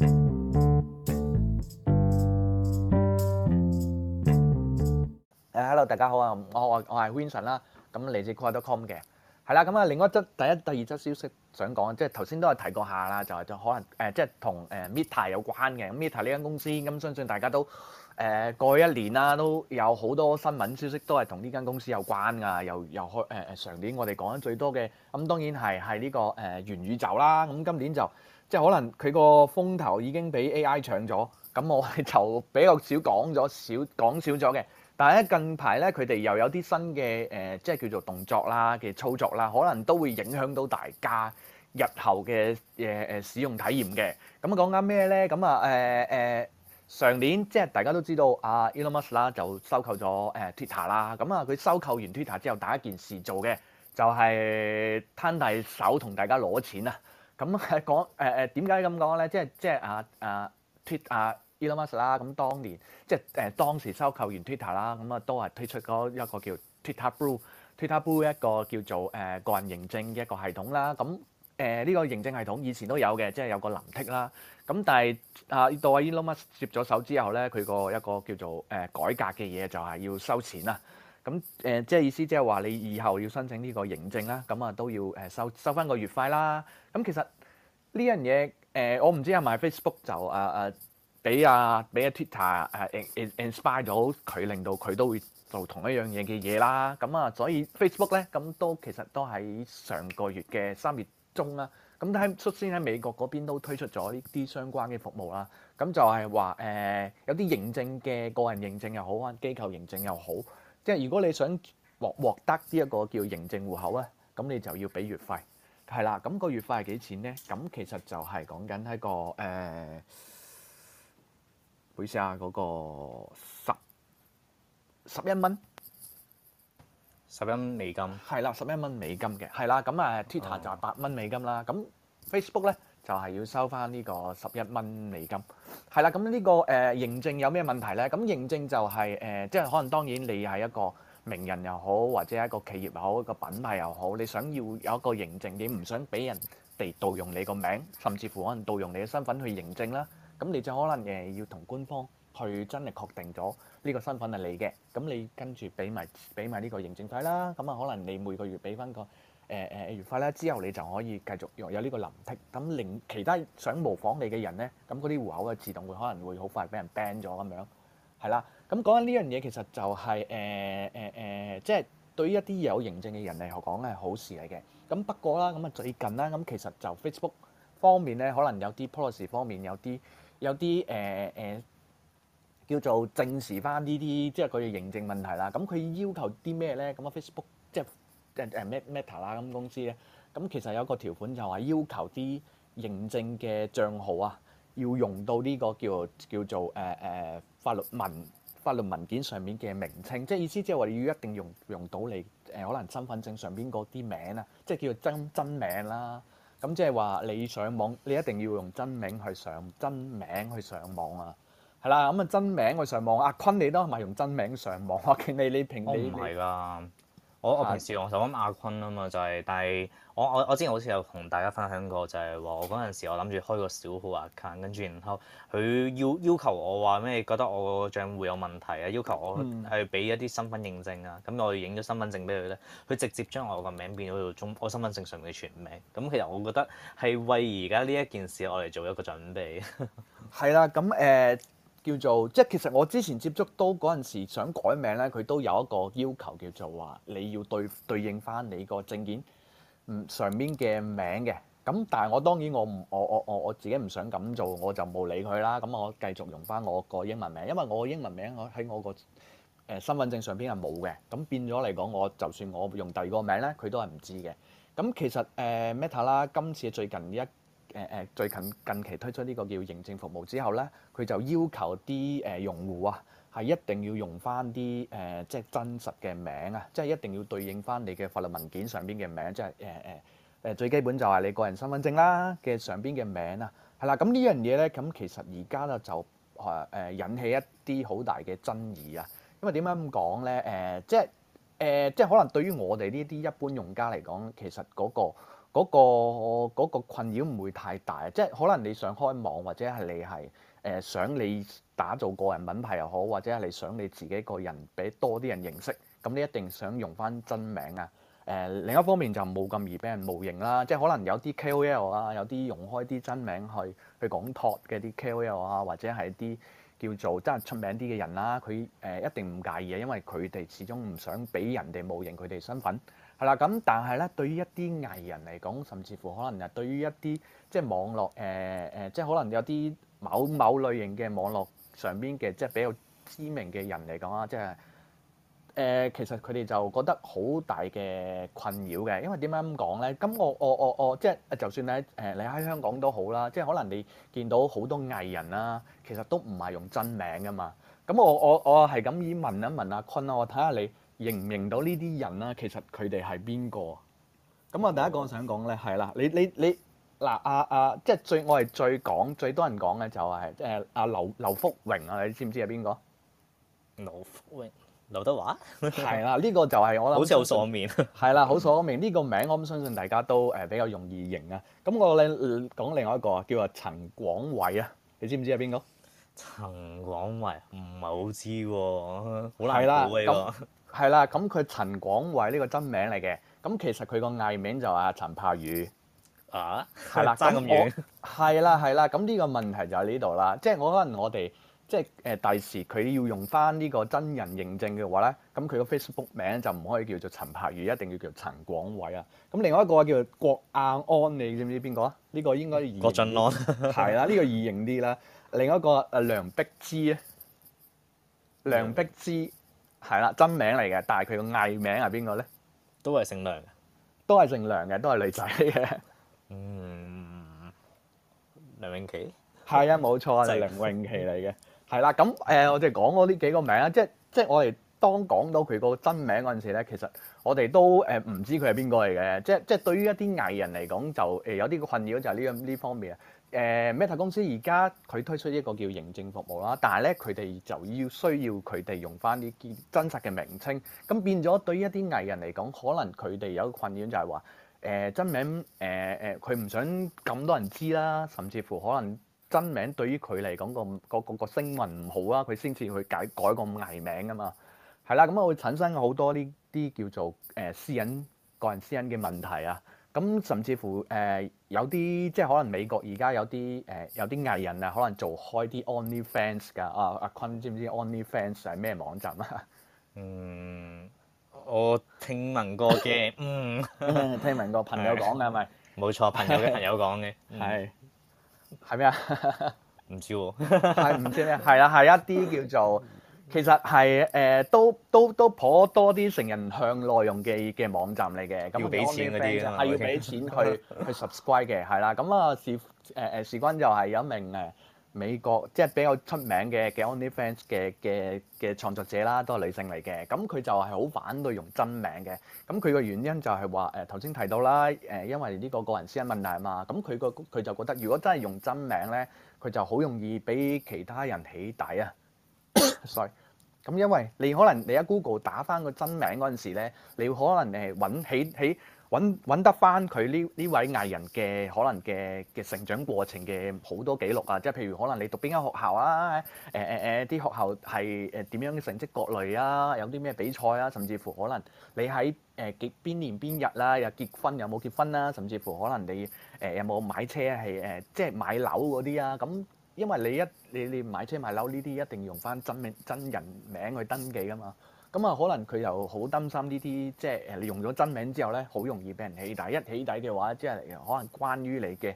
誒，hello，大家好啊，我我係 Vincent 啦，咁來自 Crypto.com 嘅，係啦，咁啊，另外一則第一、第二則消息想講，即係頭先都係提過下啦，就係就可能誒，即係同誒 Meta 有關嘅 Meta 呢間公司，咁相信大家都。誒過去一年啦，都有好多新聞消息都係同呢間公司有關㗎，又又開誒誒上年我哋講得最多嘅咁，當然係係呢個誒、呃、元宇宙啦。咁、嗯、今年就即係可能佢個風頭已經俾 AI 搶咗，咁我哋就比較少講咗少講少咗嘅。但係咧近排咧佢哋又有啲新嘅誒、呃，即係叫做動作啦嘅操作啦，可能都會影響到大家日後嘅誒誒使用體驗嘅。咁、嗯、講緊咩咧？咁啊誒誒。呃呃上年即係大家都知道啊，Elon Musk 啦就收購咗誒 Twitter 啦。咁啊，佢收購完 Twitter 之後，第一件事做嘅就係攤大手同大家攞錢啊。咁係講誒誒點解咁講咧？即係即係啊啊，Twitter 啊 Elon Musk 啦。咁當年即係誒當時收購完 Twitter 啦，咁啊都係推出嗰一個叫 Twitter Blue、Twitter Blue 一個叫做誒、uh, 個人認證嘅一個系統啦。咁誒呢、呃這個認證系統以前都有嘅，即係有個藍剔啦。咁但係啊，當阿 Elon Musk 接咗手之後咧，佢個一個叫做誒、呃、改革嘅嘢就係要收錢啦。咁誒即係意思即係話你以後要申請呢個認證啦，咁、嗯、啊都要誒收收翻個月費啦。咁、嗯、其實呢樣嘢誒，我唔知係咪 Facebook 就啊啊俾阿俾、啊、阿、啊啊、Twitter 誒、啊啊、inspire 到佢，令到佢都會做同一樣嘢嘅嘢啦。咁、嗯、啊，所以 Facebook 咧咁都其實都喺上個月嘅三月中啦、啊，咁但係率先喺美國嗰邊都推出咗呢啲相關嘅服務啦，咁就係話誒有啲認證嘅個人認證又好，機構認證又好，即係如果你想獲獲得呢一個叫認證戶口咧，咁你就要俾月費，係啦，咁、個月費係幾錢咧？咁其實就係講緊一個誒，會試下嗰個十十一蚊。十蚊美金，係啦，十一蚊美金嘅，係啦，咁誒 Twitter 就係八蚊美金啦，咁 Facebook 咧就係要收翻呢個十一蚊美金，係啦，咁呢個誒認證有咩問題咧？咁認證就係誒，即係可能當然你係一個名人又好，或者係一個企業又好，一個品牌又好，你想要有一個認證，你唔想俾人哋盜用你個名，甚至乎可能盜用你嘅身份去認證啦，咁你就可能誒要同官方，去真係確定咗呢個身份係你嘅，咁你跟住俾埋俾埋呢個認證費啦。咁啊，可能你每個月俾翻個誒誒、呃呃、月費咧，之後你就可以繼續用有呢個藍剔咁。咁其他想模仿你嘅人咧，咁嗰啲戶口啊，自動會可能會好快俾人 ban 咗咁樣，係啦。咁講緊呢樣嘢，其實就係誒誒誒，即、呃、係、呃呃就是、對於一啲有認證嘅人嚟講係好事嚟嘅。咁不過啦，咁啊最近啦，咁其實就 Facebook 方面咧，可能有啲 policy 方面有啲有啲誒誒。叫做證實翻呢啲，即係佢嘅認證問題啦。咁佢要求啲咩咧？咁、那、啊、個、Facebook 即係誒誒 Meta 啦，咁公司咧，咁其實有一個條款就話要求啲認證嘅帳號啊，要用到呢個叫叫做誒誒、呃、法律文法律文件上面嘅名稱。即係意思即係話你要一定要用用到你誒可能身份證上邊嗰啲名啊，即係叫做真真名啦。咁即係話你上網，你一定要用真名去上真名去上網啊。係啦，咁啊真名我上網，阿、啊、坤你都係咪用真名上網？我景你呢平，我唔係㗎，我我平時我就諗阿坤啊嘛，就係、是，但係我我我之前好似有同大家分享過，就係、是、話我嗰陣時我諗住開個小號 account，跟住然後佢要要求我話咩覺得我個賬戶有問題啊，要求我去俾一啲身份認證啊，咁、嗯、我影咗身份證俾佢咧，佢直接將我個名變咗做中我身份證上面嘅全名，咁其實我覺得係為而家呢一件事我嚟做一個準備。係 啦，咁誒。呃叫做即係其實我之前接觸都嗰陣時想改名咧，佢都有一個要求叫做話你要對對應翻你個證件嗯上邊嘅名嘅。咁但係我當然我唔我我我我自己唔想咁做，我就冇理佢啦。咁我繼續用翻我個英文名，因為我個英文名我喺我個誒身份證上邊係冇嘅。咁變咗嚟講，我就算我用第二個名咧，佢都係唔知嘅。咁其實誒 Meta 啦，今次最近呢一誒誒，最近近期推出呢個叫認證服務之後咧，佢就要求啲誒用戶啊，係、呃、一定要用翻啲誒即係真實嘅名啊，即係一定要對應翻你嘅法律文件上邊嘅名，即係誒誒誒最基本就係你個人身份證啦嘅上邊嘅名啊，係啦。咁呢樣嘢咧，咁其實而家咧就誒誒引起一啲好大嘅爭議啊，因為點解咁講咧？誒、呃、即係。誒，即係可能對於我哋呢啲一般用家嚟講，其實嗰個嗰個嗰個困擾唔會太大。即係可能你想開網，或者係你係誒想你打造個人品牌又好，或者係你想你自己個人俾多啲人認識，咁你一定想用翻真名啊。誒、呃，另一方面就冇咁易俾人冒名啦。即係可能有啲 KOL 啊，有啲用開啲真名去去講託嘅啲 KOL 啊，或者係啲。叫做真係出名啲嘅人啦，佢誒一定唔介意嘅，因為佢哋始終唔想俾人哋冒認佢哋身份，係啦。咁但係咧，對於一啲藝人嚟講，甚至乎可能啊，對於一啲即係網絡誒誒、呃，即係可能有啲某某類型嘅網絡上邊嘅即係比較知名嘅人嚟講啊，即係。誒，其實佢哋就覺得好大嘅困擾嘅，因為點解咁講咧？咁我我我我即係、就係、就算喺誒你喺香港都好啦，即係可能你見到好多藝人啦，其實都唔係用真名㗎嘛。咁我我我係咁意問一問,問阿坤啊，我睇下你認唔認到呢啲人啦，其實佢哋係邊個？咁啊，第一個我想講咧係啦，你你你嗱阿阿即係最我係最講最多人講嘅就係誒阿劉劉福榮啊，你知唔知係邊個？劉福榮。劉德華係啦，呢、 這個就係、是、我諗，好似好傻面。係啦，好傻面呢、這個名，我相信大家都誒比較容易認啊。咁我嚟講另外一個，叫做陳廣偉啊，你知唔知係邊個？陳廣偉唔係好知喎，好難好威喎。係啦的，咁佢、這個、陳廣偉呢個真名嚟嘅，咁其實佢個藝名就係陳柏宇啊。係啦的，爭咁遠。係啦，係啦，咁呢個問題就喺呢度啦，即係我可能我哋。即係誒第時佢要用翻呢個真人認證嘅話咧，咁佢個 Facebook 名就唔可以叫做陳柏宇，一定要叫陳廣偉啊。咁另外一個叫郭亞安，你知唔知邊個啊？呢個應該易。郭晉安。係 啦，呢個易認啲啦。另外一個誒梁碧芝啊，梁碧芝係啦，真名嚟嘅，但係佢個藝名係邊個咧？都係姓梁嘅，都係姓梁嘅，都係女仔嘅。嗯，梁詠琪係啊，冇 錯啊，係梁詠琪嚟嘅。係啦，咁誒、呃，我哋講嗰啲幾個名，即係即係我哋當講到佢個真名嗰陣時咧，其實我哋都誒唔知佢係邊個嚟嘅，即即係對於一啲藝人嚟講就誒、呃、有啲困擾就，就係呢呢方面啊。誒、呃、Meta 公司而家佢推出一個叫認證服務啦，但係咧佢哋就要需要佢哋用翻啲真實嘅名稱，咁變咗對於一啲藝人嚟講，可能佢哋有個困擾就係話誒真名誒誒，佢、呃、唔、呃、想咁多人知啦，甚至乎可能。真名對於佢嚟講個個個個聲譽唔好啊，佢先至去解改改個藝名啊嘛，係啦，咁會產生好多呢啲叫做誒私隱個人私隱嘅問題啊，咁甚至乎誒、呃、有啲即係可能美國而家有啲誒、呃、有啲藝人啊，可能做開啲 Only Fans 㗎。啊，阿、啊、坤、啊啊、知唔知 Only Fans 係咩網站啊？嗯，我聽聞過嘅，嗯， 聽聞過朋友講嘅係咪？冇 錯，朋友嘅朋友講嘅係。嗯 係咩啊？唔知喎 ，係唔知咩？係啦，係一啲叫做，其實係誒、呃、都都都頗多啲成人向內容嘅嘅網站嚟嘅，咁要俾錢嗰啲嘅，係要俾錢去 去 subscribe 嘅，係啦，咁啊事誒誒、呃、事關就係有一名誒。美國即係、就是、比較出名嘅嘅 OnlyFans 嘅嘅嘅創作者啦，都係女性嚟嘅。咁佢就係好反對用真名嘅。咁佢個原因就係話誒頭先提到啦，誒因為呢個個人私隱問題嘛。咁佢個佢就覺得如果真係用真名呢，佢就好容易俾其他人起底啊。 sorry。咁因為你可能你喺 Google 打返個真名嗰陣時咧，你可能你係搵起起。起揾揾得翻佢呢呢位藝人嘅可能嘅嘅成長過程嘅好多記錄啊，即係譬如可能你讀邊間學校啊，誒誒誒啲學校係誒點樣嘅成績各類啊，有啲咩比賽啊，甚至乎可能你喺誒結邊年邊日啦、啊，又結婚有冇結婚啦、啊，甚至乎可能你誒有冇買車係誒、呃、即係買樓嗰啲啊，咁因為你一你你買車買樓呢啲一定要用翻真名真人名去登記㗎嘛。咁啊，可能佢又好擔心呢啲，即係誒你用咗真名之後咧，好容易俾人起底。一起底嘅話，即係可能關於你嘅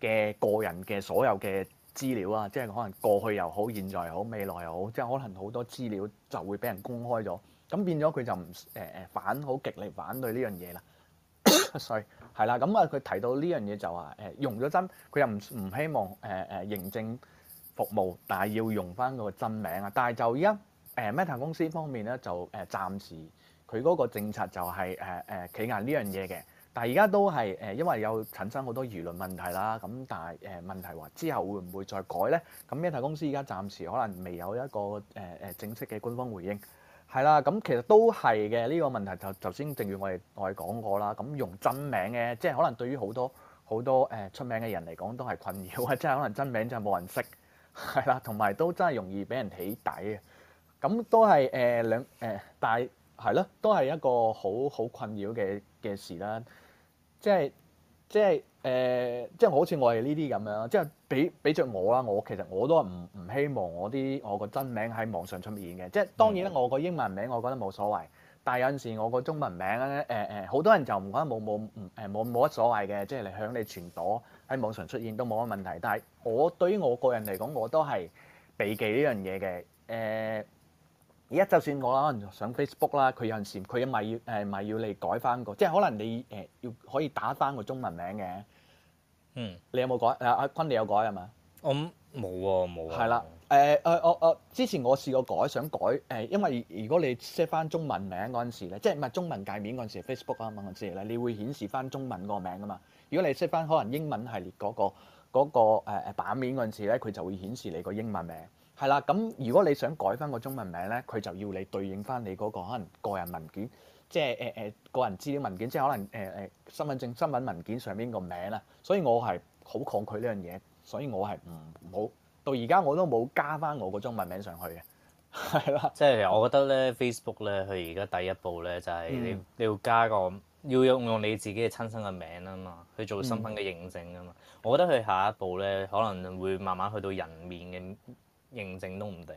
嘅個人嘅所有嘅資料啊，即係可能過去又好，現在又好，未來又好，即係可能好多資料就會俾人公開咗。咁變咗佢就唔誒誒反好極力反對呢樣嘢啦。 所以係啦，咁啊佢提到呢樣嘢就話誒用咗真，佢又唔唔希望誒誒、呃呃、認證服務，但係要用返個真名啊。但係就一。Meta 公司方面咧，就誒暫時佢嗰個政策就係誒誒企硬呢樣嘢嘅，但係而家都係誒、呃，因為有產生好多輿論問題啦。咁但係誒問題話之後會唔會再改咧？咁 Meta 公司而家暫時可能未有一個誒誒、呃、正式嘅官方回應，係啦。咁其實都係嘅呢個問題就。就頭先正如我哋我哋講過啦，咁用真名嘅，即係可能對於好多好多誒出名嘅人嚟講都係困擾啊，即係可能真名真係冇人識，係啦，同埋都真係容易俾人起底啊。咁、嗯、都係誒兩誒，但係係咯，都係一個好好困擾嘅嘅事啦、啊。即係即係誒，即係好似我哋呢啲咁樣即係俾俾著我啦，我其實我都唔唔希望我啲我個真名喺網上出現嘅。即係當然啦，我個英文名我覺得冇所謂，但係有陣時我個中文名咧誒誒，好、呃、多人就唔覺得冇冇唔冇冇乜所謂嘅，即係你響你傳朵喺網上出現都冇乜問題。但係我對於我個人嚟講，我都係避忌呢樣嘢嘅誒。呃而家就算我可能上 Facebook 啦，佢有陣時佢咪要誒咪要你改翻個，即係可能你誒要、呃、可以打翻個中文名嘅。嗯你有有、啊，你有冇改？阿阿坤你有改係咪？我冇喎，冇。係、呃、啦，誒、呃、誒，我、呃、我、呃、之前我試過改，想改誒、呃，因為如果你 set 翻中文名嗰陣時咧，即係唔係中文界面嗰陣時 Facebook 啊乜嘢咧，你會顯示翻中文個名噶嘛？如果你 set 翻可能英文系列嗰、那個嗰、那個、那個呃、版面嗰陣時咧，佢就會顯示你個英文名。係啦，咁如果你想改翻個中文名呢，佢就要你對應翻你嗰個可能個人文件，即係誒誒個人資料文件，即係可能誒誒、呃呃、身份證、身份文件上邊個名啦。所以我係好抗拒呢樣嘢，所以我係唔好到而家我都冇加翻我個中文名上去嘅。係啦，即係我覺得呢 Facebook 呢，佢而家第一步呢，就係、是、你要、嗯、你要加個要用用你自己嘅親身嘅名啊嘛，去做身份嘅認證啊嘛。嗯、我覺得佢下一步呢，可能會慢慢去到人面嘅。認證都唔定，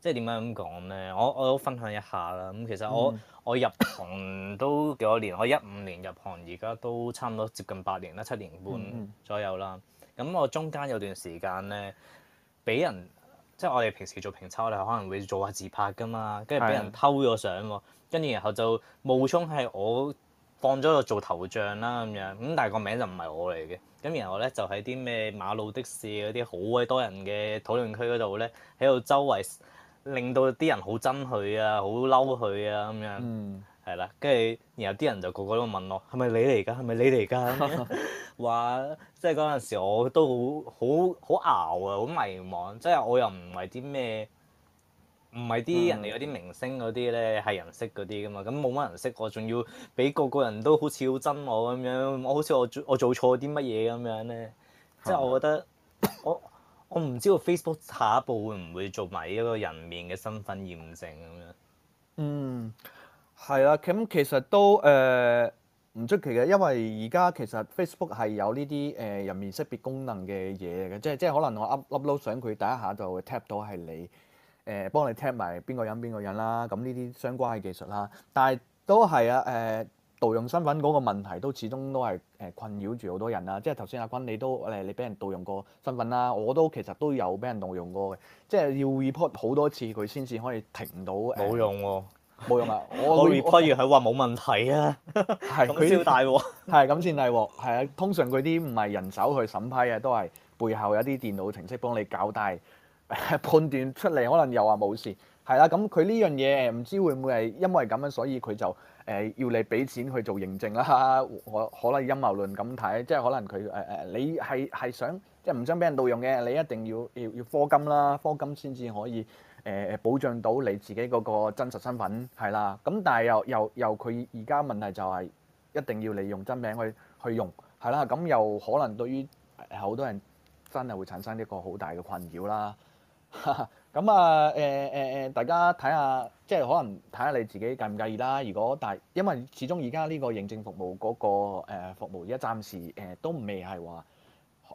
即係點解咁講呢？我我都分享一下啦。咁其實我、嗯、我入行都幾多年，我一五年入行，而家都差唔多接近八年啦，七年半左右啦。咁、嗯、我中間有段時間呢，俾人即係我哋平時做評測，我哋可能會做下自拍㗎嘛，跟住俾人偷咗相喎，跟住的然後就冒充係我。放咗個做頭像啦咁樣，咁但係個名就唔係我嚟嘅，咁然後咧就喺啲咩馬路的士嗰啲好鬼多人嘅討論區嗰度咧，喺度周圍令到啲人好憎佢啊，好嬲佢啊咁樣，係啦、嗯，跟住然後啲人就個個都問我係咪、嗯、你嚟㗎，係咪你嚟㗎？話即係嗰陣時我都好好好熬啊，好迷茫，即、就、係、是、我又唔係啲咩。唔係啲人哋有啲明星嗰啲咧係人識嗰啲噶嘛，咁冇乜人識我，仲要俾個個人都好似好憎我咁樣，我好似我做我做錯啲乜嘢咁樣咧，嗯、即係我覺得我我唔知道 Facebook 下一步會唔會做埋呢一個人面嘅身份驗證咁樣。嗯，係啊，咁其實都誒唔出奇嘅，因為而家其實 Facebook 係有呢啲誒人面識別功能嘅嘢嘅，即係即係可能我 upload up 相佢第一下就會 tap 到係你。誒幫你 tag 埋邊個人邊個人啦，咁呢啲相關嘅技術啦，但係都係啊誒盜用身份嗰個問題都始終都係誒困擾住好多人啦。即係頭先阿君你都你俾人盜用過身份啦，我都其實都有俾人盜用過嘅，即係要 report 好多次佢先至可以停到。冇、呃、用喎、啊，冇用啊！我 report 完佢話冇問題啊，係佢要大鑊，係咁先大鑊，係啊。通常佢啲唔係人手去審批嘅，都係背後有啲電腦程式幫你搞大。判斷出嚟，可能又話冇事，係啦。咁佢呢樣嘢唔知會唔會係因為咁樣，所以佢就誒、呃、要你俾錢去做認證啦。我可，可能陰謀論咁睇，即係可能佢誒誒，你係係想即係唔想俾人盜用嘅，你一定要要要課金啦，課金先至可以誒誒、呃、保障到你自己嗰個真實身份係啦。咁但係又又又佢而家問題就係一定要你用真名去去用，係啦。咁又可能對於好多人真係會產生一個好大嘅困擾啦。咁 啊，誒誒誒，大家睇下，即係可能睇下你自己介唔介意啦。如果大，因為始終而家呢個認證服務嗰、嗰個、呃、服務，而家暫時誒、呃、都未係話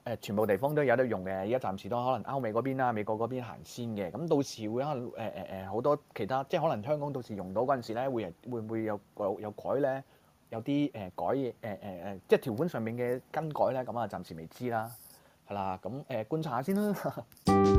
誒全部地方都有得用嘅。而家暫時都可能歐美嗰邊啦、美國嗰邊行先嘅。咁到時會可能誒誒誒好多其他，即係可能香港到時用到嗰陣時咧，會會唔會有有有改咧？有啲誒、呃、改誒誒誒，即係條款上面嘅更改咧，咁啊暫時未知啦，係啦。咁誒、呃、觀察下先啦。